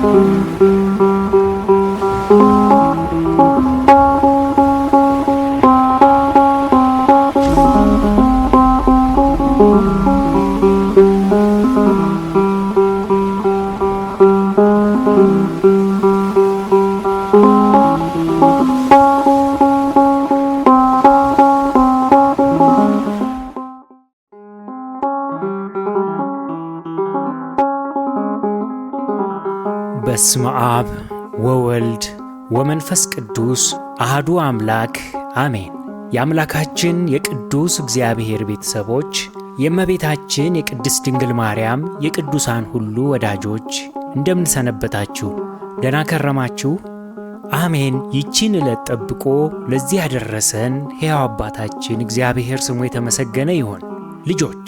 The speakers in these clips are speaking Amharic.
Música አሐዱ አምላክ አሜን። የአምላካችን የቅዱስ እግዚአብሔር ቤተሰቦች የእመቤታችን የቅድስት ድንግል ማርያም የቅዱሳን ሁሉ ወዳጆች እንደምንሰነበታችሁ፣ ደህና ከረማችሁ? አሜን። ይቺን ዕለት ጠብቆ ለዚህ ያደረሰን ሕያው አባታችን እግዚአብሔር ስሙ የተመሰገነ ይሁን። ልጆች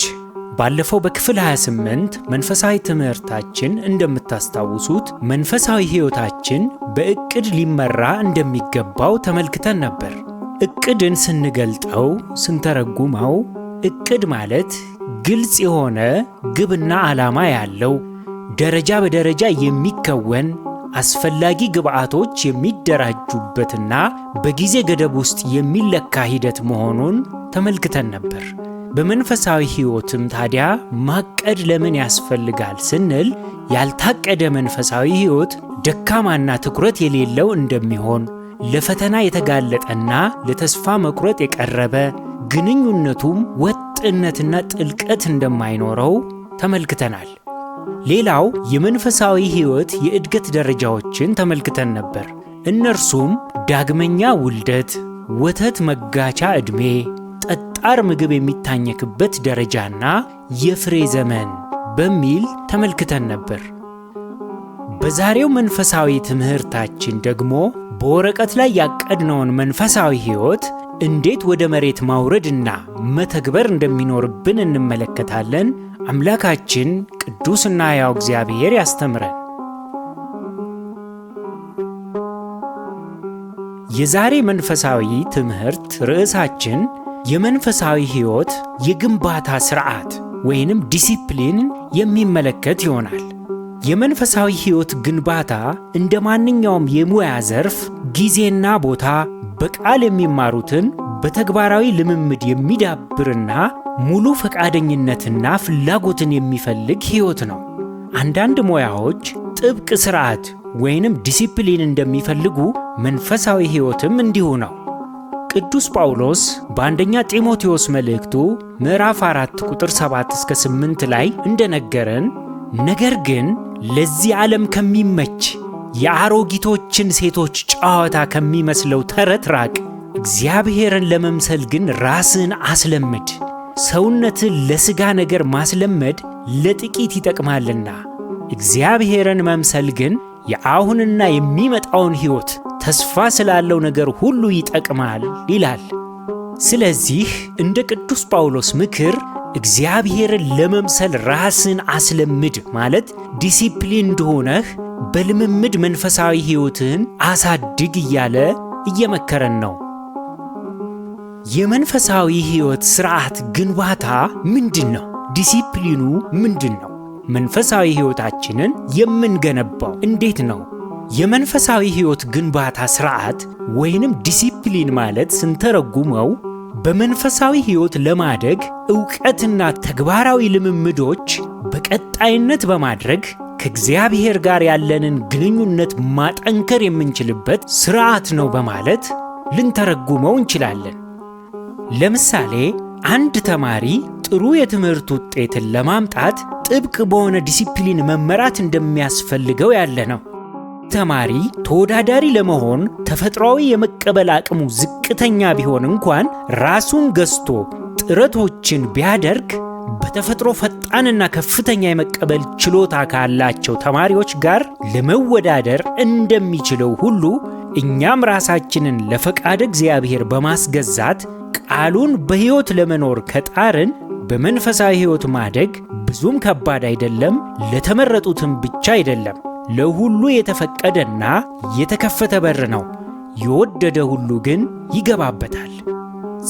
ባለፈው በክፍል 28 መንፈሳዊ ትምህርታችን እንደምታስታውሱት መንፈሳዊ ሕይወታችን በእቅድ ሊመራ እንደሚገባው ተመልክተን ነበር። እቅድን ስንገልጠው ስንተረጉመው፣ እቅድ ማለት ግልጽ የሆነ ግብና ዓላማ ያለው ደረጃ በደረጃ የሚከወን አስፈላጊ ግብዓቶች የሚደራጁበትና በጊዜ ገደብ ውስጥ የሚለካ ሂደት መሆኑን ተመልክተን ነበር። በመንፈሳዊ ሕይወትም ታዲያ ማቀድ ለምን ያስፈልጋል ስንል ያልታቀደ መንፈሳዊ ሕይወት ደካማና ትኩረት የሌለው እንደሚሆን ለፈተና የተጋለጠና ለተስፋ መቁረጥ የቀረበ ግንኙነቱም ወጥነትና ጥልቀት እንደማይኖረው ተመልክተናል። ሌላው የመንፈሳዊ ሕይወት የእድገት ደረጃዎችን ተመልክተን ነበር። እነርሱም ዳግመኛ ውልደት፣ ወተት መጋቻ ዕድሜ ጣር ምግብ የሚታኘክበት ደረጃና የፍሬ ዘመን በሚል ተመልክተን ነበር። በዛሬው መንፈሳዊ ትምህርታችን ደግሞ በወረቀት ላይ ያቀድነውን መንፈሳዊ ሕይወት እንዴት ወደ መሬት ማውረድና መተግበር እንደሚኖርብን እንመለከታለን። አምላካችን ቅዱስና ያው እግዚአብሔር ያስተምረን። የዛሬ መንፈሳዊ ትምህርት ርዕሳችን የመንፈሳዊ ሕይወት የግንባታ ሥርዓት ወይንም ዲሲፕሊን የሚመለከት ይሆናል። የመንፈሳዊ ሕይወት ግንባታ እንደ ማንኛውም የሙያ ዘርፍ ጊዜና ቦታ በቃል የሚማሩትን በተግባራዊ ልምምድ የሚዳብርና ሙሉ ፈቃደኝነትና ፍላጎትን የሚፈልግ ሕይወት ነው። አንዳንድ ሙያዎች ጥብቅ ሥርዓት ወይንም ዲሲፕሊን እንደሚፈልጉ መንፈሳዊ ሕይወትም እንዲሁ ነው። ቅዱስ ጳውሎስ በአንደኛ ጢሞቴዎስ መልእክቱ ምዕራፍ 4 ቁጥር 7 እስከ 8 ላይ እንደነገረን ነገር ግን ለዚህ ዓለም ከሚመች የአሮጊቶችን ሴቶች ጨዋታ ከሚመስለው ተረት ራቅ፣ እግዚአብሔርን ለመምሰል ግን ራስን አስለምድ። ሰውነትን ለሥጋ ነገር ማስለመድ ለጥቂት ይጠቅማልና፣ እግዚአብሔርን መምሰል ግን የአሁንና የሚመጣውን ሕይወት ተስፋ ስላለው ነገር ሁሉ ይጠቅማል ይላል። ስለዚህ እንደ ቅዱስ ጳውሎስ ምክር እግዚአብሔርን ለመምሰል ራስን አስለምድ ማለት ዲሲፕሊን እንደሆነህ በልምምድ መንፈሳዊ ሕይወትህን አሳድግ እያለ እየመከረን ነው። የመንፈሳዊ ሕይወት ሥርዓት ግንባታ ምንድን ነው? ዲሲፕሊኑ ምንድን ነው? መንፈሳዊ ሕይወታችንን የምንገነባው እንዴት ነው? የመንፈሳዊ ሕይወት ግንባታ ስርዓት ወይንም ዲሲፕሊን ማለት ስንተረጉመው በመንፈሳዊ ሕይወት ለማደግ ዕውቀትና ተግባራዊ ልምምዶች በቀጣይነት በማድረግ ከእግዚአብሔር ጋር ያለንን ግንኙነት ማጠንከር የምንችልበት ስርዓት ነው በማለት ልንተረጉመው እንችላለን። ለምሳሌ አንድ ተማሪ ጥሩ የትምህርት ውጤትን ለማምጣት ጥብቅ በሆነ ዲሲፕሊን መመራት እንደሚያስፈልገው ያለ ነው። ተማሪ ተወዳዳሪ ለመሆን ተፈጥሯዊ የመቀበል አቅሙ ዝቅተኛ ቢሆን እንኳን ራሱን ገዝቶ ጥረቶችን ቢያደርግ በተፈጥሮ ፈጣንና ከፍተኛ የመቀበል ችሎታ ካላቸው ተማሪዎች ጋር ለመወዳደር እንደሚችለው ሁሉ እኛም ራሳችንን ለፈቃድ እግዚአብሔር በማስገዛት ቃሉን በሕይወት ለመኖር ከጣርን በመንፈሳዊ ሕይወት ማደግ ብዙም ከባድ አይደለም፣ ለተመረጡትም ብቻ አይደለም። ለሁሉ የተፈቀደና የተከፈተ በር ነው። የወደደ ሁሉ ግን ይገባበታል።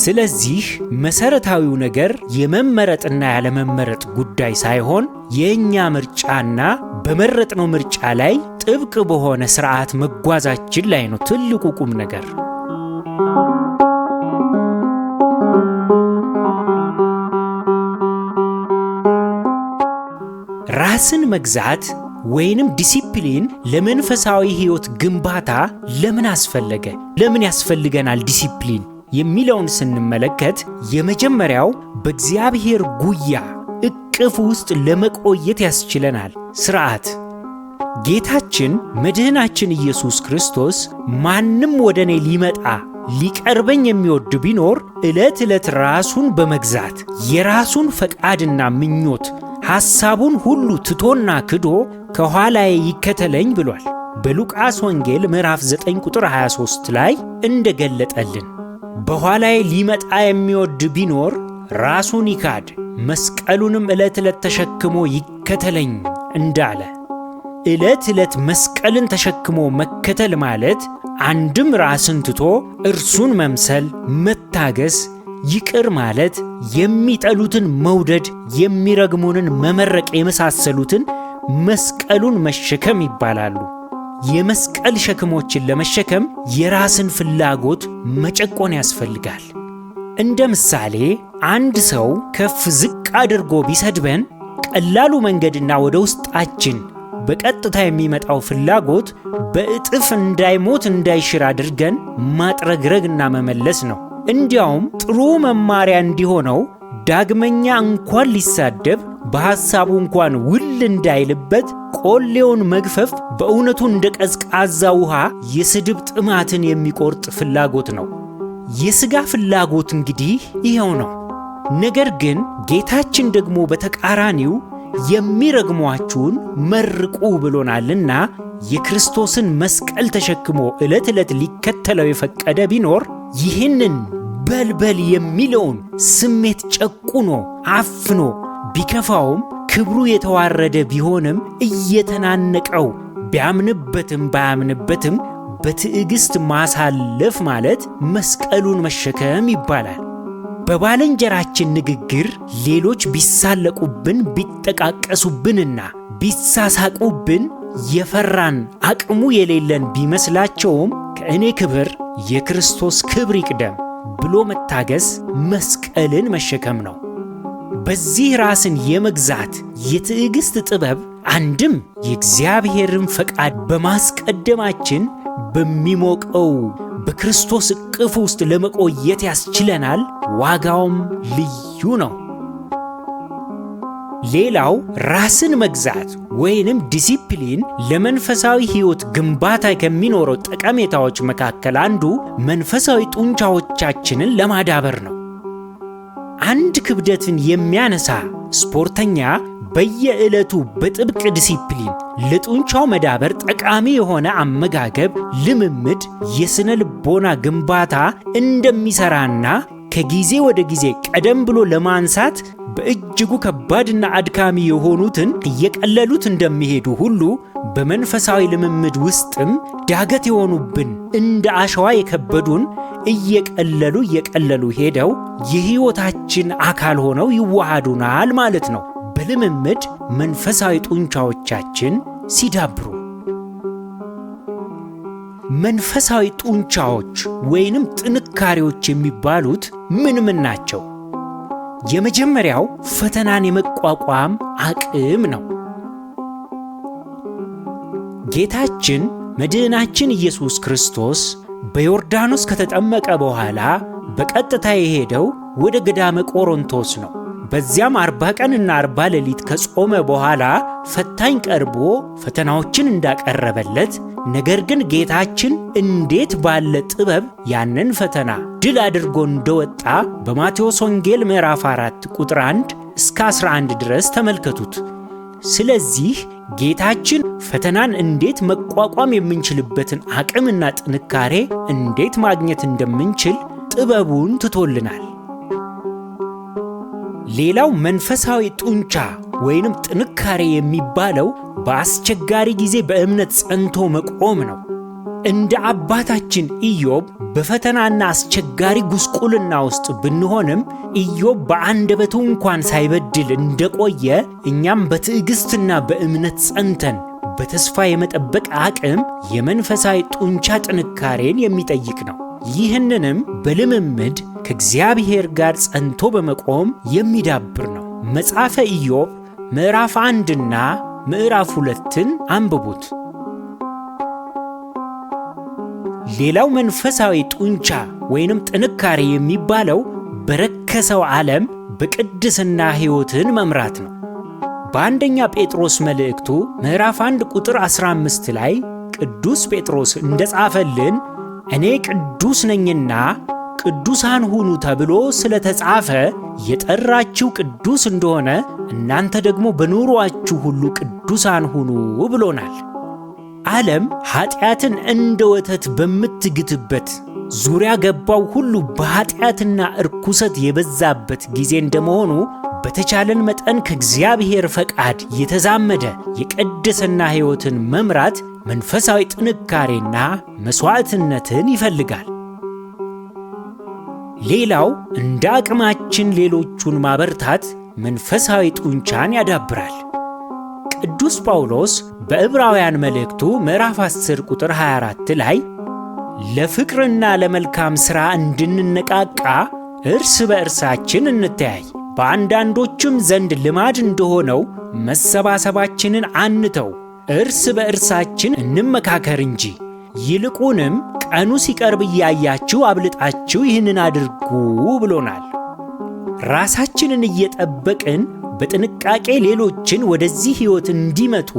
ስለዚህ መሰረታዊው ነገር የመመረጥና ያለመመረጥ ጉዳይ ሳይሆን የእኛ ምርጫና በመረጥነው ምርጫ ላይ ጥብቅ በሆነ ስርዓት መጓዛችን ላይ ነው ትልቁ ቁም ነገር። ራስን መግዛት ወይንም ዲሲፕሊን ለመንፈሳዊ ሕይወት ግንባታ ለምን አስፈለገ? ለምን ያስፈልገናል ዲሲፕሊን የሚለውን ስንመለከት የመጀመሪያው በእግዚአብሔር ጉያ እቅፍ ውስጥ ለመቆየት ያስችለናል። ሥርዓት ጌታችን መድህናችን ኢየሱስ ክርስቶስ ማንም ወደ እኔ ሊመጣ ሊቀርበኝ የሚወድ ቢኖር ዕለት ዕለት ራሱን በመግዛት የራሱን ፈቃድና ምኞት ሐሳቡን ሁሉ ትቶና ክዶ ከኋላዬ ይከተለኝ ብሏል። በሉቃስ ወንጌል ምዕራፍ 9 ቁጥር 23 ላይ እንደገለጠልን በኋላዬ ሊመጣ የሚወድ ቢኖር ራሱን ይካድ መስቀሉንም ዕለት ዕለት ተሸክሞ ይከተለኝ እንዳለ ዕለት ዕለት መስቀልን ተሸክሞ መከተል ማለት አንድም ራስን ትቶ እርሱን መምሰል፣ መታገስ፣ ይቅር ማለት፣ የሚጠሉትን መውደድ፣ የሚረግሙንን መመረቅ የመሳሰሉትን መስቀሉን መሸከም ይባላሉ። የመስቀል ሸክሞችን ለመሸከም የራስን ፍላጎት መጨቆን ያስፈልጋል። እንደ ምሳሌ አንድ ሰው ከፍ ዝቅ አድርጎ ቢሰድበን ቀላሉ መንገድና ወደ ውስጣችን በቀጥታ የሚመጣው ፍላጎት በእጥፍ እንዳይሞት እንዳይሽር አድርገን ማጥረግረግና መመለስ ነው። እንዲያውም ጥሩ መማሪያ እንዲሆነው ዳግመኛ እንኳን ሊሳደብ በሐሳቡ እንኳን ውል እንዳይልበት ቆሌውን መግፈፍ በእውነቱ እንደ ቀዝቃዛ ውሃ የስድብ ጥማትን የሚቆርጥ ፍላጎት ነው። የሥጋ ፍላጎት እንግዲህ ይኸው ነው። ነገር ግን ጌታችን ደግሞ በተቃራኒው የሚረግሟችሁን መርቁ ብሎናልና የክርስቶስን መስቀል ተሸክሞ ዕለት ዕለት ሊከተለው የፈቀደ ቢኖር ይህንን በልበል የሚለውን ስሜት ጨቁኖ አፍኖ ቢከፋውም ክብሩ የተዋረደ ቢሆንም እየተናነቀው ቢያምንበትም ባያምንበትም በትዕግስት ማሳለፍ ማለት መስቀሉን መሸከም ይባላል። በባልንጀራችን ንግግር ሌሎች ቢሳለቁብን ቢጠቃቀሱብንና ቢሳሳቁብን የፈራን አቅሙ የሌለን ቢመስላቸውም ከእኔ ክብር የክርስቶስ ክብር ይቅደም። ብሎ መታገስ መስቀልን መሸከም ነው። በዚህ ራስን የመግዛት የትዕግሥት ጥበብ አንድም የእግዚአብሔርን ፈቃድ በማስቀደማችን በሚሞቀው በክርስቶስ እቅፍ ውስጥ ለመቆየት ያስችለናል። ዋጋውም ልዩ ነው። ሌላው ራስን መግዛት ወይንም ዲሲፕሊን ለመንፈሳዊ ሕይወት ግንባታ ከሚኖረው ጠቀሜታዎች መካከል አንዱ መንፈሳዊ ጡንቻዎቻችንን ለማዳበር ነው። አንድ ክብደትን የሚያነሳ ስፖርተኛ በየዕለቱ በጥብቅ ዲሲፕሊን ለጡንቻው መዳበር ጠቃሚ የሆነ አመጋገብ ልምምድ፣ የሥነ ልቦና ግንባታ እንደሚሠራና ከጊዜ ወደ ጊዜ ቀደም ብሎ ለማንሳት በእጅጉ ከባድና አድካሚ የሆኑትን እየቀለሉት እንደሚሄዱ ሁሉ በመንፈሳዊ ልምምድ ውስጥም ዳገት የሆኑብን እንደ አሸዋ የከበዱን እየቀለሉ እየቀለሉ ሄደው የሕይወታችን አካል ሆነው ይዋሃዱናል ማለት ነው። በልምምድ መንፈሳዊ ጡንቻዎቻችን ሲዳብሩ መንፈሳዊ ጡንቻዎች ወይንም ጥንካሬዎች የሚባሉት ምን ምን ናቸው? የመጀመሪያው ፈተናን የመቋቋም አቅም ነው። ጌታችን መድህናችን ኢየሱስ ክርስቶስ በዮርዳኖስ ከተጠመቀ በኋላ በቀጥታ የሄደው ወደ ገዳመ ቆሮንቶስ ነው። በዚያም አርባ ቀንና አርባ ሌሊት ከጾመ በኋላ ፈታኝ ቀርቦ ፈተናዎችን እንዳቀረበለት ነገር ግን ጌታችን እንዴት ባለ ጥበብ ያንን ፈተና ድል አድርጎ እንደወጣ በማቴዎስ ወንጌል ምዕራፍ 4 ቁጥር 1 እስከ 11 ድረስ ተመልከቱት። ስለዚህ ጌታችን ፈተናን እንዴት መቋቋም የምንችልበትን አቅምና ጥንካሬ እንዴት ማግኘት እንደምንችል ጥበቡን ትቶልናል። ሌላው መንፈሳዊ ጡንቻ ወይንም ጥንካሬ የሚባለው በአስቸጋሪ ጊዜ በእምነት ጸንቶ መቆም ነው። እንደ አባታችን ኢዮብ በፈተናና አስቸጋሪ ጉስቁልና ውስጥ ብንሆንም ኢዮብ በአንደበቱ እንኳን ሳይበድል እንደቆየ እኛም በትዕግሥትና በእምነት ጸንተን በተስፋ የመጠበቅ አቅም የመንፈሳዊ ጡንቻ ጥንካሬን የሚጠይቅ ነው። ይህንንም በልምምድ ከእግዚአብሔር ጋር ጸንቶ በመቆም የሚዳብር ነው። መጽሐፈ ኢዮብ ምዕራፍ አንድና ምዕራፍ ሁለትን አንብቡት። ሌላው መንፈሳዊ ጡንቻ ወይንም ጥንካሬ የሚባለው በረከሰው ዓለም በቅድስና ሕይወትን መምራት ነው። በአንደኛ ጴጥሮስ መልእክቱ ምዕራፍ 1 ቁጥር 15 ላይ ቅዱስ ጴጥሮስ እንደጻፈልን እኔ ቅዱስ ነኝና ቅዱሳን ሁኑ ተብሎ ስለተጻፈ የጠራችሁ ቅዱስ እንደሆነ እናንተ ደግሞ በኑሯችሁ ሁሉ ቅዱሳን ሁኑ ብሎናል። ዓለም ኀጢአትን እንደ ወተት በምትግትበት ዙሪያ ገባው ሁሉ በኀጢአትና እርኩሰት የበዛበት ጊዜ እንደመሆኑ በተቻለን መጠን ከእግዚአብሔር ፈቃድ የተዛመደ የቀደሰና ሕይወትን መምራት መንፈሳዊ ጥንካሬና መሥዋዕትነትን ይፈልጋል። ሌላው እንደ አቅማችን ሌሎቹን ማበርታት መንፈሳዊ ጡንቻን ያዳብራል። ቅዱስ ጳውሎስ በዕብራውያን መልእክቱ ምዕራፍ 10 ቁጥር 24 ላይ ለፍቅርና ለመልካም ሥራ እንድንነቃቃ እርስ በእርሳችን እንተያይ፣ በአንዳንዶችም ዘንድ ልማድ እንደሆነው መሰባሰባችንን አንተው እርስ በእርሳችን እንመካከር እንጂ ይልቁንም ቀኑ ሲቀርብ እያያችሁ አብልጣችሁ ይህንን አድርጉ ብሎናል። ራሳችንን እየጠበቅን በጥንቃቄ ሌሎችን ወደዚህ ሕይወት እንዲመጡ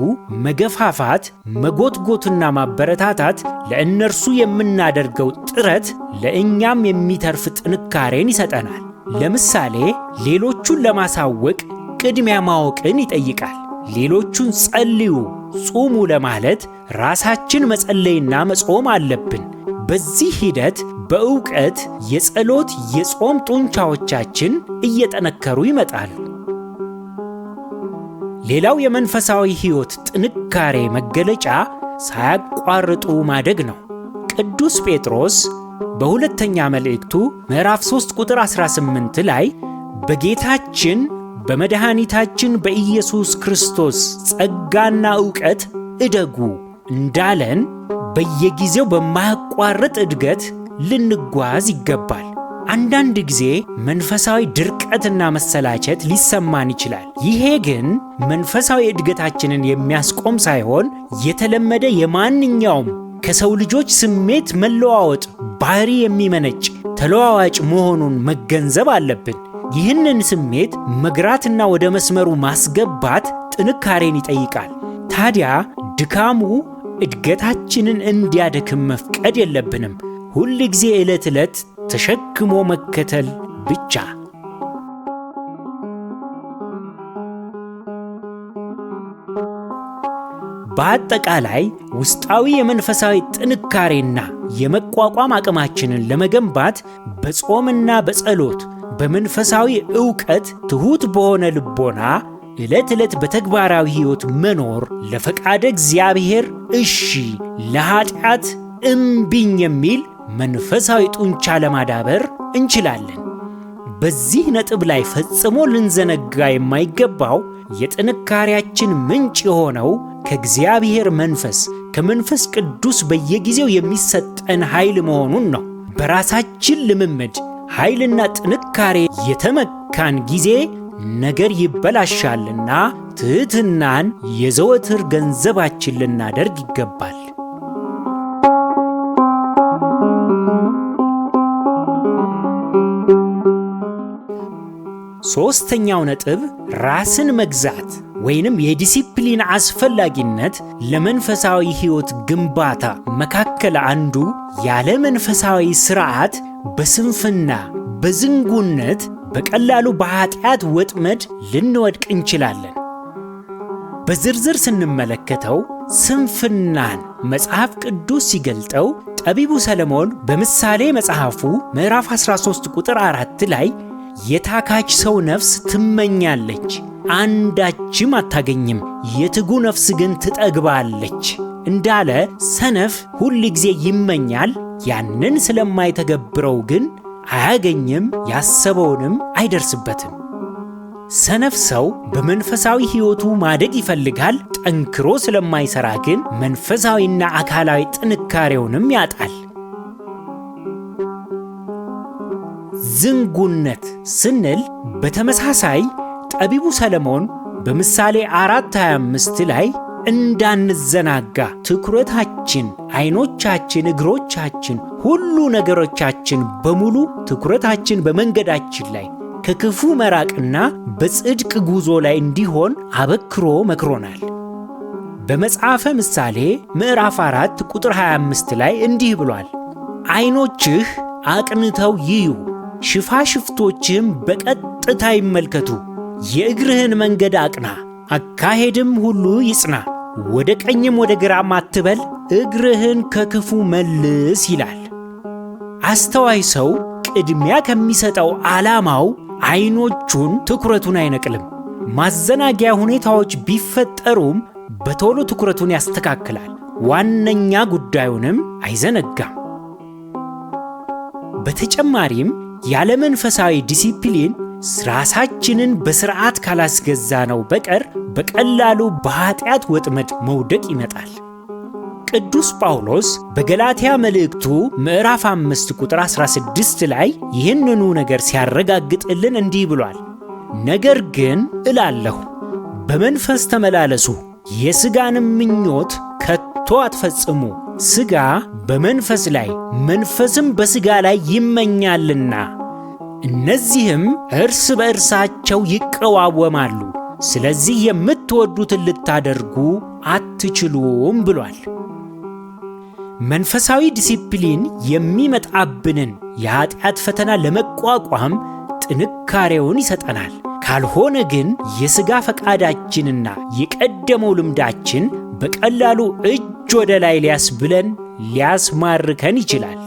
መገፋፋት፣ መጎትጎትና ማበረታታት ለእነርሱ የምናደርገው ጥረት ለእኛም የሚተርፍ ጥንካሬን ይሰጠናል። ለምሳሌ ሌሎቹን ለማሳወቅ ቅድሚያ ማወቅን ይጠይቃል። ሌሎቹን ጸልዩ፣ ጹሙ ለማለት ራሳችን መጸለይና መጾም አለብን። በዚህ ሂደት በእውቀት የጸሎት የጾም ጡንቻዎቻችን እየጠነከሩ ይመጣሉ። ሌላው የመንፈሳዊ ሕይወት ጥንካሬ መገለጫ ሳያቋርጡ ማደግ ነው። ቅዱስ ጴጥሮስ በሁለተኛ መልእክቱ ምዕራፍ 3 ቁጥር 18 ላይ በጌታችን በመድኃኒታችን በኢየሱስ ክርስቶስ ጸጋና ዕውቀት እደጉ እንዳለን በየጊዜው በማያቋርጥ እድገት ልንጓዝ ይገባል። አንዳንድ ጊዜ መንፈሳዊ ድርቀትና መሰላቸት ሊሰማን ይችላል። ይሄ ግን መንፈሳዊ እድገታችንን የሚያስቆም ሳይሆን የተለመደ የማንኛውም ከሰው ልጆች ስሜት መለዋወጥ ባህሪ የሚመነጭ ተለዋዋጭ መሆኑን መገንዘብ አለብን። ይህንን ስሜት መግራትና ወደ መስመሩ ማስገባት ጥንካሬን ይጠይቃል። ታዲያ ድካሙ እድገታችንን እንዲያደክም መፍቀድ የለብንም። ሁል ጊዜ ዕለት ዕለት ተሸክሞ መከተል ብቻ። በአጠቃላይ ውስጣዊ የመንፈሳዊ ጥንካሬና የመቋቋም አቅማችንን ለመገንባት በጾምና በጸሎት በመንፈሳዊ ዕውቀት ትሑት በሆነ ልቦና ዕለት ዕለት በተግባራዊ ሕይወት መኖር ለፈቃደ እግዚአብሔር እሺ፣ ለኀጢአት እምቢኝ የሚል መንፈሳዊ ጡንቻ ለማዳበር እንችላለን። በዚህ ነጥብ ላይ ፈጽሞ ልንዘነጋ የማይገባው የጥንካሬያችን ምንጭ የሆነው ከእግዚአብሔር መንፈስ ከመንፈስ ቅዱስ በየጊዜው የሚሰጠን ኃይል መሆኑን ነው። በራሳችን ልምምድ ኃይልና ጥንካሬ የተመካን ጊዜ ነገር ይበላሻልና ትሕትናን የዘወትር ገንዘባችን ልናደርግ ይገባል። ሦስተኛው ነጥብ ራስን መግዛት ወይንም የዲሲፕሊን አስፈላጊነት ለመንፈሳዊ ሕይወት ግንባታ መካከል አንዱ ያለ መንፈሳዊ ሥርዓት በስንፍና በዝንጉነት በቀላሉ በኃጢአት ወጥመድ ልንወድቅ እንችላለን። በዝርዝር ስንመለከተው ስንፍናን መጽሐፍ ቅዱስ ሲገልጠው ጠቢቡ ሰለሞን በምሳሌ መጽሐፉ ምዕራፍ 13 ቁጥር 4 ላይ የታካች ሰው ነፍስ ትመኛለች፣ አንዳችም አታገኝም፤ የትጉ ነፍስ ግን ትጠግባለች እንዳለ ሰነፍ ሁል ጊዜ ይመኛል፣ ያንን ስለማይተገብረው ግን አያገኝም፣ ያሰበውንም አይደርስበትም። ሰነፍ ሰው በመንፈሳዊ ሕይወቱ ማደግ ይፈልጋል፣ ጠንክሮ ስለማይሰራ ግን መንፈሳዊና አካላዊ ጥንካሬውንም ያጣል። ዝንጉነት ስንል በተመሳሳይ ጠቢቡ ሰለሞን በምሳሌ 425 ላይ እንዳንዘናጋ ትኩረታችን፣ አይኖቻችን፣ እግሮቻችን፣ ሁሉ ነገሮቻችን በሙሉ ትኩረታችን በመንገዳችን ላይ ከክፉ መራቅና በጽድቅ ጉዞ ላይ እንዲሆን አበክሮ መክሮናል። በመጽሐፈ ምሳሌ ምዕራፍ 4 ቁጥር 25 ላይ እንዲህ ብሏል፣ አይኖችህ አቅንተው ይዩ ሽፋሽፍቶችም በቀጥታ ይመልከቱ። የእግርህን መንገድ አቅና፣ አካሄድም ሁሉ ይጽና። ወደ ቀኝም ወደ ግራም አትበል፣ እግርህን ከክፉ መልስ ይላል። አስተዋይ ሰው ቅድሚያ ከሚሰጠው ዓላማው አይኖቹን ትኩረቱን አይነቅልም። ማዘናጊያ ሁኔታዎች ቢፈጠሩም በቶሎ ትኩረቱን ያስተካክላል፣ ዋነኛ ጉዳዩንም አይዘነጋም። በተጨማሪም ያለ መንፈሳዊ ዲሲፕሊን ራሳችንን በስርዓት ካላስገዛ ነው በቀር በቀላሉ በኃጢአት ወጥመድ መውደቅ ይመጣል። ቅዱስ ጳውሎስ በገላትያ መልእክቱ ምዕራፍ 5 ቁጥር 16 ላይ ይህንኑ ነገር ሲያረጋግጥልን እንዲህ ብሏል፣ ነገር ግን እላለሁ በመንፈስ ተመላለሱ የሥጋንም ምኞት ከቶ አትፈጽሙ። ሥጋ በመንፈስ ላይ መንፈስም በሥጋ ላይ ይመኛልና እነዚህም እርስ በእርሳቸው ይቀዋወማሉ። ስለዚህ የምትወዱትን ልታደርጉ አትችሉም ብሏል። መንፈሳዊ ዲሲፕሊን የሚመጣብንን የኀጢአት ፈተና ለመቋቋም ጥንካሬውን ይሰጠናል። ካልሆነ ግን የሥጋ ፈቃዳችንና የቀደመው ልምዳችን በቀላሉ እጅ ወደ ላይ ብለን ሊያስማርከን ይችላል።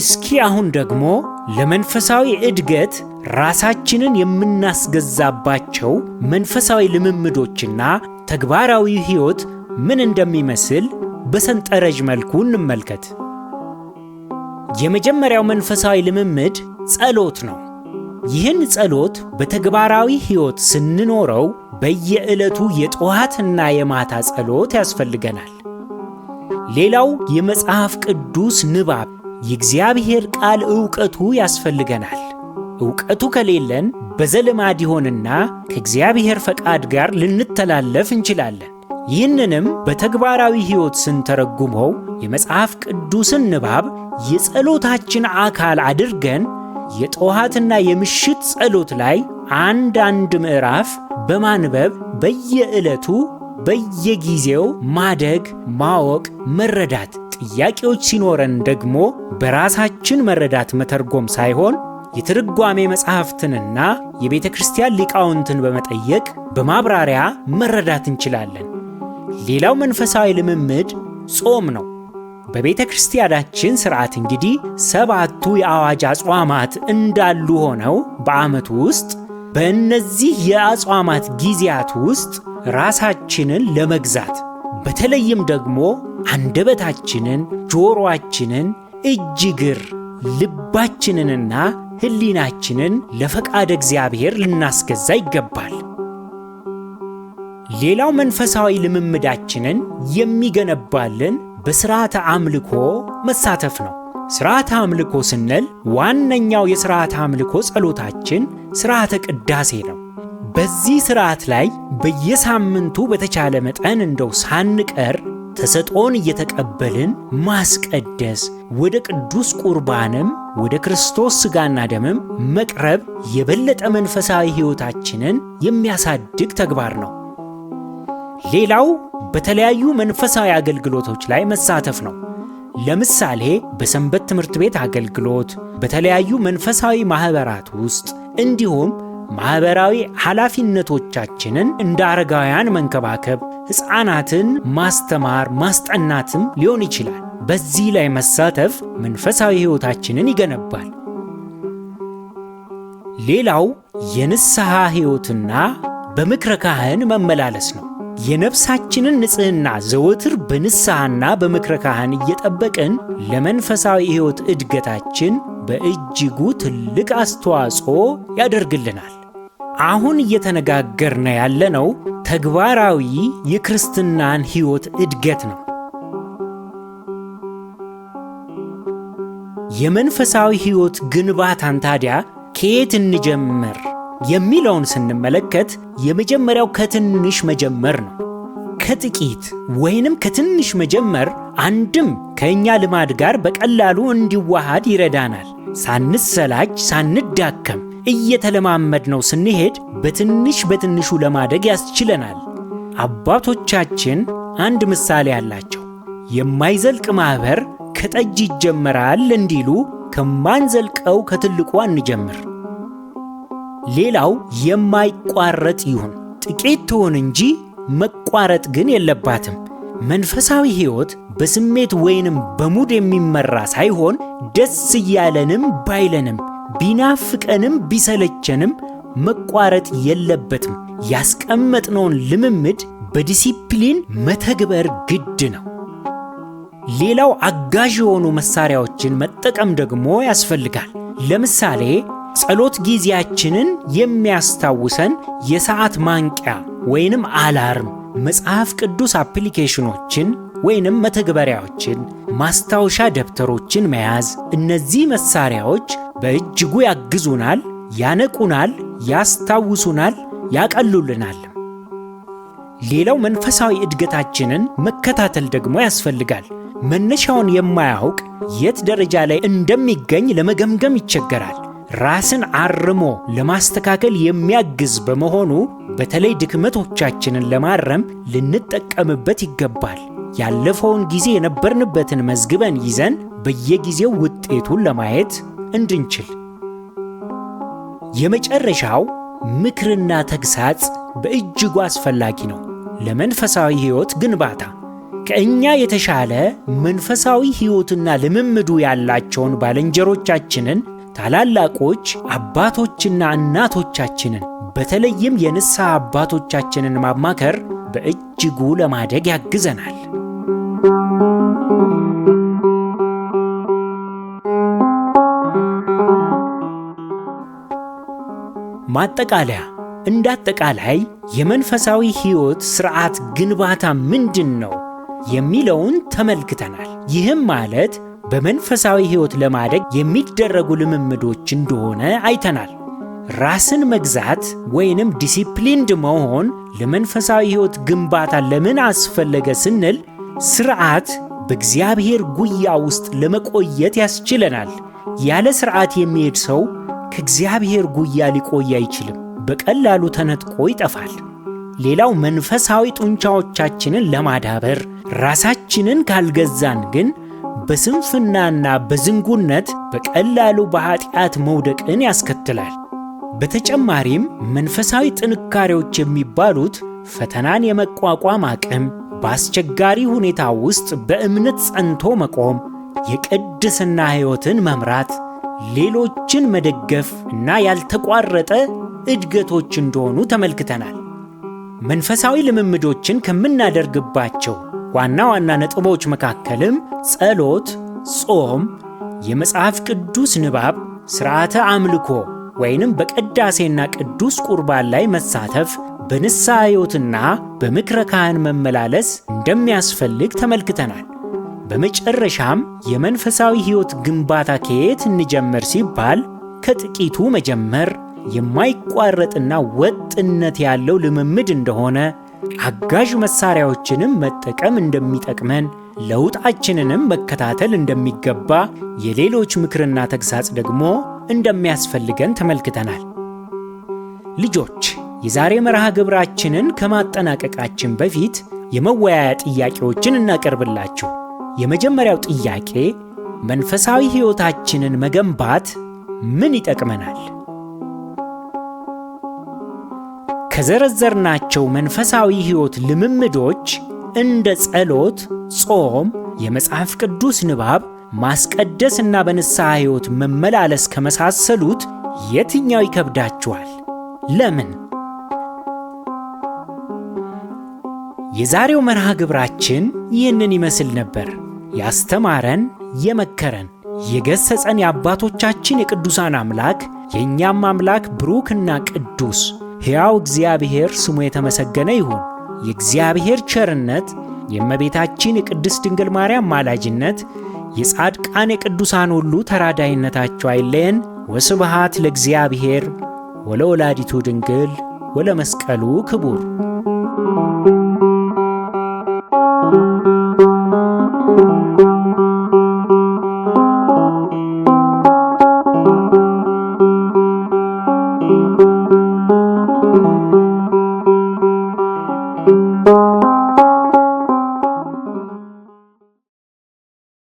እስኪ አሁን ደግሞ ለመንፈሳዊ እድገት ራሳችንን የምናስገዛባቸው መንፈሳዊ ልምምዶችና ተግባራዊ ሕይወት ምን እንደሚመስል በሰንጠረዥ መልኩ እንመልከት። የመጀመሪያው መንፈሳዊ ልምምድ ጸሎት ነው። ይህን ጸሎት በተግባራዊ ሕይወት ስንኖረው በየዕለቱ የጠዋትና የማታ ጸሎት ያስፈልገናል። ሌላው የመጽሐፍ ቅዱስ ንባብ፣ የእግዚአብሔር ቃል ዕውቀቱ ያስፈልገናል። ዕውቀቱ ከሌለን በዘልማድ ይሆንና ከእግዚአብሔር ፈቃድ ጋር ልንተላለፍ እንችላለን። ይህንንም በተግባራዊ ሕይወት ስንተረጉመው የመጽሐፍ ቅዱስን ንባብ የጸሎታችን አካል አድርገን የጠዋትና የምሽት ጸሎት ላይ አንዳንድ ምዕራፍ በማንበብ በየዕለቱ በየጊዜው ማደግ፣ ማወቅ፣ መረዳት ጥያቄዎች ሲኖረን ደግሞ በራሳችን መረዳት መተርጎም ሳይሆን የትርጓሜ መጽሐፍትንና የቤተ ክርስቲያን ሊቃውንትን በመጠየቅ በማብራሪያ መረዳት እንችላለን። ሌላው መንፈሳዊ ልምምድ ጾም ነው። በቤተ ክርስቲያናችን ሥርዓት እንግዲህ ሰባቱ የአዋጅ አጽዋማት እንዳሉ ሆነው በዓመቱ ውስጥ በእነዚህ የአጽዋማት ጊዜያት ውስጥ ራሳችንን ለመግዛት በተለይም ደግሞ አንደበታችንን፣ ጆሮአችንን፣ እጅግር ልባችንንና ሕሊናችንን ለፈቃድ እግዚአብሔር ልናስገዛ ይገባል። ሌላው መንፈሳዊ ልምምዳችንን የሚገነባልን በስርዓተ አምልኮ መሳተፍ ነው። ስርዓተ አምልኮ ስንል ዋነኛው የስርዓተ አምልኮ ጸሎታችን ስርዓተ ቅዳሴ ነው። በዚህ ስርዓት ላይ በየሳምንቱ በተቻለ መጠን እንደው ሳንቀር ተሰጦን እየተቀበልን ማስቀደስ ወደ ቅዱስ ቁርባንም ወደ ክርስቶስ ሥጋና ደምም መቅረብ የበለጠ መንፈሳዊ ሕይወታችንን የሚያሳድግ ተግባር ነው። ሌላው በተለያዩ መንፈሳዊ አገልግሎቶች ላይ መሳተፍ ነው። ለምሳሌ በሰንበት ትምህርት ቤት አገልግሎት፣ በተለያዩ መንፈሳዊ ማኅበራት ውስጥ እንዲሁም ማኅበራዊ ኃላፊነቶቻችንን እንደ አረጋውያን መንከባከብ፣ ሕፃናትን ማስተማር ማስጠናትም ሊሆን ይችላል። በዚህ ላይ መሳተፍ መንፈሳዊ ሕይወታችንን ይገነባል። ሌላው የንስሐ ሕይወትና በምክረ ካህን መመላለስ ነው። የነፍሳችንን ንጽህና ዘወትር በንስሐና በምክረ ካህን እየጠበቅን ለመንፈሳዊ ሕይወት እድገታችን በእጅጉ ትልቅ አስተዋጽኦ ያደርግልናል። አሁን እየተነጋገርን ያለነው ተግባራዊ የክርስትናን ሕይወት እድገት ነው። የመንፈሳዊ ሕይወት ግንባታን ታዲያ ከየት እንጀምር? የሚለውን ስንመለከት የመጀመሪያው ከትንሽ መጀመር ነው። ከጥቂት ወይንም ከትንሽ መጀመር አንድም ከእኛ ልማድ ጋር በቀላሉ እንዲዋሃድ ይረዳናል። ሳንሰላች፣ ሳንዳከም እየተለማመድ ነው ስንሄድ በትንሽ በትንሹ ለማደግ ያስችለናል። አባቶቻችን አንድ ምሳሌ አላቸው። የማይዘልቅ ማኅበር ከጠጅ ይጀመራል እንዲሉ ከማንዘልቀው ከትልቁ አንጀምር። ሌላው የማይቋረጥ ይሁን፣ ጥቂት ትሆን እንጂ መቋረጥ ግን የለባትም። መንፈሳዊ ሕይወት በስሜት ወይንም በሙድ የሚመራ ሳይሆን ደስ እያለንም ባይለንም ቢናፍቀንም ቢሰለቸንም መቋረጥ የለበትም። ያስቀመጥነውን ልምምድ በዲሲፕሊን መተግበር ግድ ነው። ሌላው አጋዥ የሆኑ መሳሪያዎችን መጠቀም ደግሞ ያስፈልጋል። ለምሳሌ ጸሎት ጊዜያችንን የሚያስታውሰን የሰዓት ማንቂያ ወይንም አላርም መጽሐፍ ቅዱስ አፕሊኬሽኖችን ወይንም መተግበሪያዎችን፣ ማስታወሻ ደብተሮችን መያዝ። እነዚህ መሳሪያዎች በእጅጉ ያግዙናል፣ ያነቁናል፣ ያስታውሱናል፣ ያቀሉልናል። ሌላው መንፈሳዊ እድገታችንን መከታተል ደግሞ ያስፈልጋል። መነሻውን የማያውቅ የት ደረጃ ላይ እንደሚገኝ ለመገምገም ይቸገራል። ራስን አርሞ ለማስተካከል የሚያግዝ በመሆኑ በተለይ ድክመቶቻችንን ለማረም ልንጠቀምበት ይገባል። ያለፈውን ጊዜ የነበርንበትን መዝግበን ይዘን በየጊዜው ውጤቱን ለማየት እንድንችል። የመጨረሻው ምክርና ተግሳጽ በእጅጉ አስፈላጊ ነው። ለመንፈሳዊ ሕይወት ግንባታ ከእኛ የተሻለ መንፈሳዊ ሕይወትና ልምምዱ ያላቸውን ባልንጀሮቻችንን ታላላቆች አባቶችና እናቶቻችንን በተለይም የንስሐ አባቶቻችንን ማማከር በእጅጉ ለማደግ ያግዘናል። ማጠቃለያ እንደ አጠቃላይ የመንፈሳዊ ሕይወት ሥርዓት ግንባታ ምንድን ነው የሚለውን ተመልክተናል። ይህም ማለት በመንፈሳዊ ሕይወት ለማደግ የሚደረጉ ልምምዶች እንደሆነ አይተናል። ራስን መግዛት ወይንም ዲሲፕሊንድ መሆን ለመንፈሳዊ ሕይወት ግንባታ ለምን አስፈለገ ስንል ስርዓት በእግዚአብሔር ጉያ ውስጥ ለመቆየት ያስችለናል። ያለ ስርዓት የሚሄድ ሰው ከእግዚአብሔር ጉያ ሊቆይ አይችልም። በቀላሉ ተነጥቆ ይጠፋል። ሌላው መንፈሳዊ ጡንቻዎቻችንን ለማዳበር ራሳችንን ካልገዛን ግን በስንፍናና በዝንጉነት በቀላሉ በኃጢአት መውደቅን ያስከትላል። በተጨማሪም መንፈሳዊ ጥንካሬዎች የሚባሉት ፈተናን የመቋቋም አቅም፣ በአስቸጋሪ ሁኔታ ውስጥ በእምነት ጸንቶ መቆም፣ የቅድስና ሕይወትን መምራት፣ ሌሎችን መደገፍ እና ያልተቋረጠ እድገቶች እንደሆኑ ተመልክተናል። መንፈሳዊ ልምምዶችን ከምናደርግባቸው ዋና ዋና ነጥቦች መካከልም ጸሎት፣ ጾም፣ የመጽሐፍ ቅዱስ ንባብ፣ ሥርዓተ አምልኮ ወይንም በቅዳሴና ቅዱስ ቁርባን ላይ መሳተፍ፣ በንስሐ ሕይወትና በምክረ ካህን መመላለስ እንደሚያስፈልግ ተመልክተናል። በመጨረሻም የመንፈሳዊ ሕይወት ግንባታ ከየት እንጀምር ሲባል ከጥቂቱ መጀመር የማይቋረጥና ወጥነት ያለው ልምምድ እንደሆነ አጋዥ መሳሪያዎችንም መጠቀም እንደሚጠቅመን ለውጣችንንም መከታተል እንደሚገባ የሌሎች ምክርና ተግሳጽ ደግሞ እንደሚያስፈልገን ተመልክተናል። ልጆች የዛሬ መርሃ ግብራችንን ከማጠናቀቃችን በፊት የመወያያ ጥያቄዎችን እናቀርብላችሁ። የመጀመሪያው ጥያቄ መንፈሳዊ ሕይወታችንን መገንባት ምን ይጠቅመናል? ከዘረዘርናቸው መንፈሳዊ ሕይወት ልምምዶች እንደ ጸሎት፣ ጾም፣ የመጽሐፍ ቅዱስ ንባብ፣ ማስቀደስና በንስሐ ሕይወት መመላለስ ከመሳሰሉት የትኛው ይከብዳችኋል? ለምን? የዛሬው መርሃ ግብራችን ይህንን ይመስል ነበር። ያስተማረን፣ የመከረን፣ የገሰጸን የአባቶቻችን የቅዱሳን አምላክ የእኛም አምላክ ብሩክና ቅዱስ ሕያው እግዚአብሔር ስሙ የተመሰገነ ይሁን። የእግዚአብሔር ቸርነት፣ የእመቤታችን የቅድስት ድንግል ማርያም ማላጅነት፣ የጻድቃን የቅዱሳን ሁሉ ተራዳይነታቸው አይለየን። ወስብሃት ለእግዚአብሔር ወለወላዲቱ ድንግል ወለመስቀሉ ክቡር